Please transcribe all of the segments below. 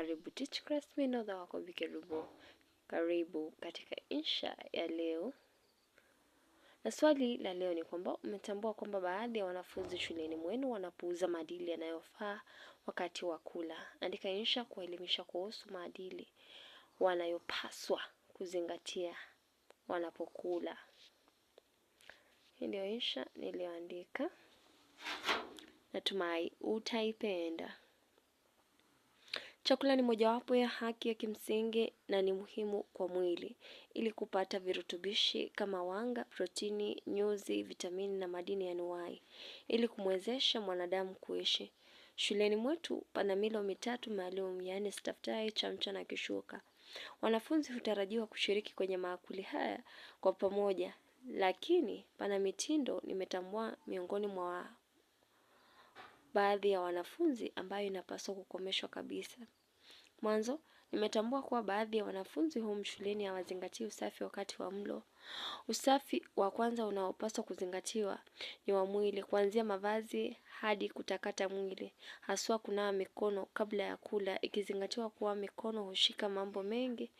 Karibu Teachcraft, mimi nahodha wako Bi Karibu katika insha ya leo, na swali la leo ni kwamba umetambua kwamba baadhi ya wanafunzi shuleni mwenu wanapuuza maadili yanayofaa wakati wa kula. Andika insha kuwaelimisha kuhusu maadili wanayopaswa kuzingatia wanapokula. Hii ndio insha niliyoandika, natumai utaipenda. Chakula ni mojawapo ya haki ya kimsingi na ni muhimu kwa mwili ili kupata virutubishi kama wanga, protini, nyuzi, vitamini na madini ya anuwai ili kumwezesha mwanadamu kuishi. Shuleni mwetu pana milo mitatu maalum yaani staftahi, chamcha na kishuka. Wanafunzi hutarajiwa kushiriki kwenye maakuli haya kwa pamoja lakini pana mitindo nimetambua miongoni mwa baadhi ya wanafunzi ambayo inapaswa kukomeshwa kabisa. Mwanzo, nimetambua kuwa baadhi ya wanafunzi humu shuleni hawazingatii usafi wakati wa mlo. Usafi wa kwanza unaopaswa kuzingatiwa ni wa mwili, kuanzia mavazi hadi kutakata mwili, haswa kunawa mikono kabla ya kula, ikizingatiwa kuwa mikono hushika mambo mengi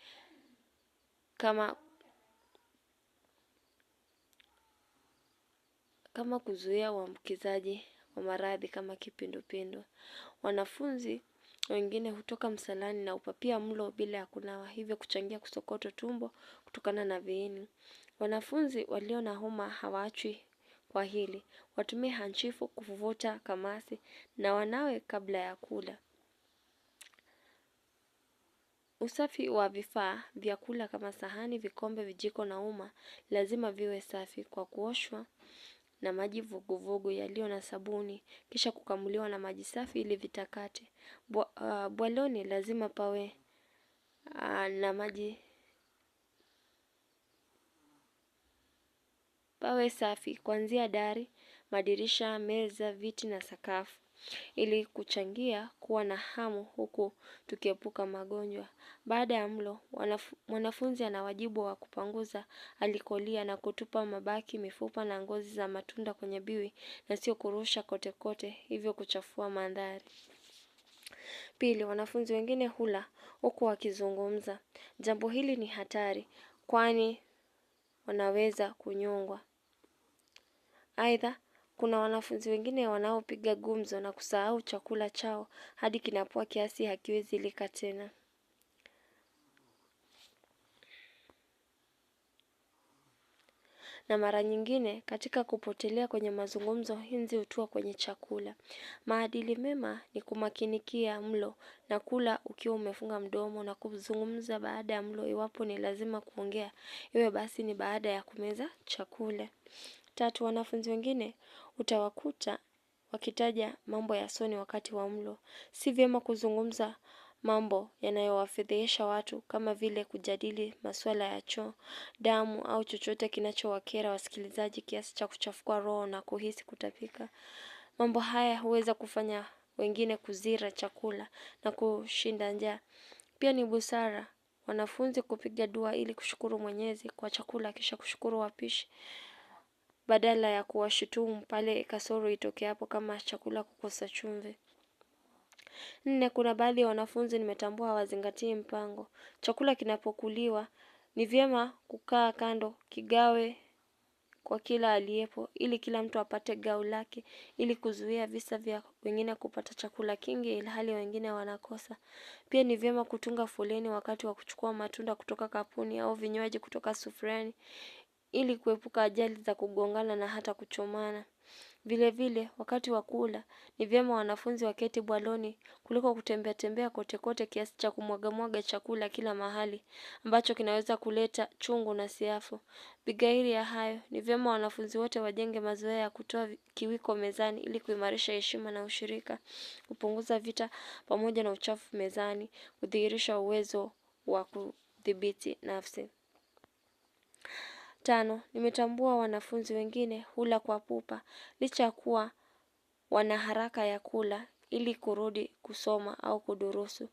kama kama kuzuia uambukizaji wa maradhi kama kipindupindu. Wanafunzi wengine hutoka msalani na upapia mlo bila ya kunawa hivyo kuchangia kusokotwa tumbo kutokana na viini. Wanafunzi walio na homa hawaachwi kwa hili, watumie hanchifu kuvuta kamasi na wanawe kabla ya kula. Usafi wa vifaa vya kula kama sahani, vikombe, vijiko na uma lazima viwe safi kwa kuoshwa na maji vuguvugu yaliyo na sabuni kisha kukamuliwa na maji safi ili vitakate. Ah, bwaloni lazima pawe ah, na maji pawe safi kuanzia dari, madirisha, meza, viti na sakafu ili kuchangia kuwa na hamu huku tukiepuka magonjwa. Baada ya mlo, mwanafunzi ana wajibu wa kupanguza alikolia na kutupa mabaki, mifupa na ngozi za matunda kwenye biwi na sio kurusha kote kote hivyo kuchafua mandhari. Pili, wanafunzi wengine hula huku wakizungumza. Jambo hili ni hatari kwani wanaweza kunyongwa. Aidha, kuna wanafunzi wengine wanaopiga gumzo na kusahau chakula chao hadi kinapoa kiasi hakiwezi lika tena. Na mara nyingine katika kupotelea kwenye mazungumzo hinzi hutua kwenye chakula. Maadili mema ni kumakinikia mlo na kula ukiwa umefunga mdomo na kuzungumza baada ya mlo iwapo ni lazima kuongea. Iwe basi ni baada ya kumeza chakula. Tatu, wanafunzi wengine utawakuta wakitaja mambo ya soni wakati wa mlo. Si vyema kuzungumza mambo yanayowafedhehesha watu kama vile kujadili masuala ya choo, damu au chochote kinachowakera wasikilizaji kiasi cha kuchafua roho na kuhisi kutapika. Mambo haya huweza kufanya wengine kuzira chakula na kushinda njaa. Pia ni busara wanafunzi kupiga dua ili kushukuru mwenyezi kwa chakula kisha kushukuru wapishi badala ya kuwashutumu pale kasoro itokeapo kama chakula kukosa chumvi. Nne, kuna baadhi ya wanafunzi nimetambua hawazingatii mpango. Chakula kinapokuliwa ni vyema kukaa kando kigawe kwa kila aliyepo ili kila mtu apate gau lake ili kuzuia visa vya wengine kupata chakula kingi ilhali wengine wanakosa. Pia ni vyema kutunga foleni wakati wa kuchukua matunda kutoka kapuni au vinywaji kutoka sufuriani ili kuepuka ajali za kugongana na hata kuchomana. Vile vile, wakati wa kula, ni vyema wanafunzi waketi bwaloni kuliko kutembea tembea kote kote kiasi cha kumwagamwaga chakula kila mahali, ambacho kinaweza kuleta chungu na siafu. Bigairi ya hayo, ni vyema wanafunzi wote wajenge mazoea ya kutoa kiwiko mezani ili kuimarisha heshima na ushirika, kupunguza vita pamoja na uchafu mezani, kudhihirisha uwezo wa kudhibiti nafsi. Tano, nimetambua wanafunzi wengine hula kwa pupa licha ya kuwa wana haraka ya kula ili kurudi kusoma au kudurusu.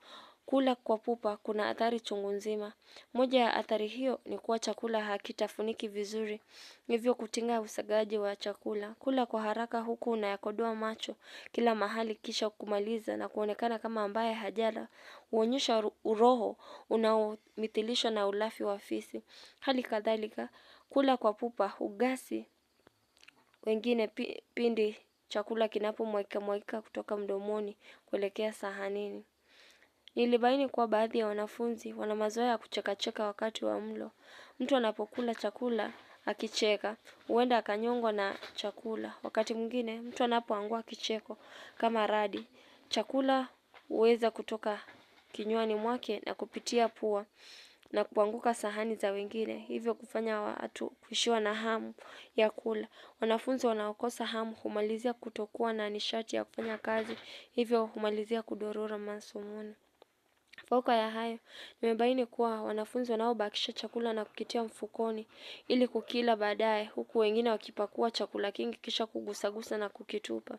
Kula kwa pupa kuna athari chungu nzima. Moja ya athari hiyo ni kuwa chakula hakitafuniki vizuri. Hivyo kutinga usagaji wa chakula. Kula kwa haraka huku unayakodoa macho kila mahali kisha kumaliza na kuonekana kama ambaye hajala. Huonyesha uroho unaomithilishwa na ulafi wa fisi. Hali kadhalika Kula kwa pupa hugasi wengine pindi chakula kinapomwaika mwaika kutoka mdomoni kuelekea sahanini. Nilibaini kuwa baadhi ya wanafunzi wana mazoea ya kuchekacheka wakati wa mlo. Mtu anapokula chakula akicheka, huenda akanyongwa na chakula. Wakati mwingine mtu anapoangua kicheko kama radi, chakula huweza kutoka kinywani mwake na kupitia pua na kuanguka sahani za wengine, hivyo kufanya watu kuishiwa na hamu ya kula. Wanafunzi wanaokosa hamu humalizia kutokuwa na nishati ya kufanya kazi, hivyo humalizia kudorora masomoni. Fauka ya hayo, nimebaini kuwa wanafunzi wanaobakisha chakula na kukitia mfukoni ili kukila baadaye huku wengine wakipakua chakula kingi kisha kugusagusa na kukitupa.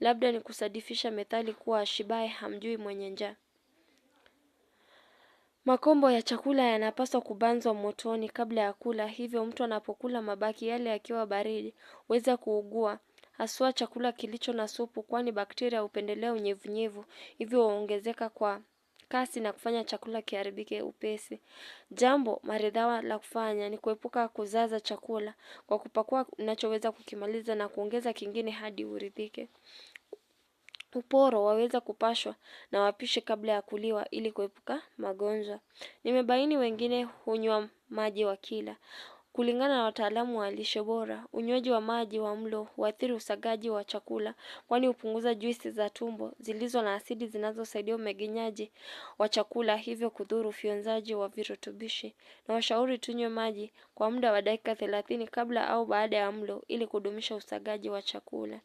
Labda ni kusadifisha methali kuwa ashibaye hamjui mwenye njaa. Makombo ya chakula yanapaswa kubanzwa motoni kabla ya kula hivyo mtu anapokula mabaki yale yakiwa baridi huweza kuugua haswa chakula kilicho na supu kwani bakteria hupendelea unyevunyevu hivyo huongezeka kwa kasi na kufanya chakula kiharibike upesi. Jambo maridhawa la kufanya ni kuepuka kuzaza chakula kwa kupakua unachoweza kukimaliza na kuongeza kingine hadi uridhike. Uporo waweza kupashwa na wapishe kabla ya kuliwa ili kuepuka magonjwa. Nimebaini wengine hunywa maji wa kila Kulingana na wataalamu wa lishe bora, unywaji wa maji wa mlo huathiri usagaji wa chakula kwani hupunguza juisi za tumbo zilizo na asidi zinazosaidia umegenyaji wa chakula hivyo kudhuru ufyonzaji wa virutubishi. na washauri tunywe maji kwa muda wa dakika thelathini kabla au baada ya mlo ili kudumisha usagaji wa chakula.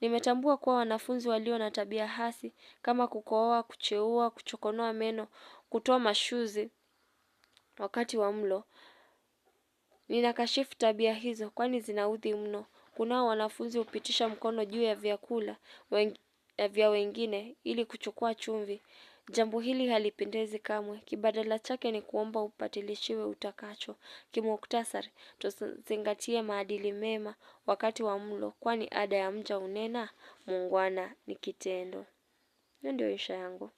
Nimetambua kuwa wanafunzi walio na tabia hasi kama kukohoa, kucheua, kuchokonoa meno, kutoa mashuzi wakati wa mlo. Ninakashifu tabia hizo kwani zinaudhi mno. Kunao wanafunzi hupitisha mkono juu ya vyakula vya wengine ili kuchukua chumvi. Jambo hili halipendezi kamwe, kibadala chake ni kuomba upatilishiwe utakacho. Kimuktasari, tuzingatie maadili mema wakati wa mlo, kwani ada ya mja unena muungwana ni kitendo. Hiyo ndio insha yangu.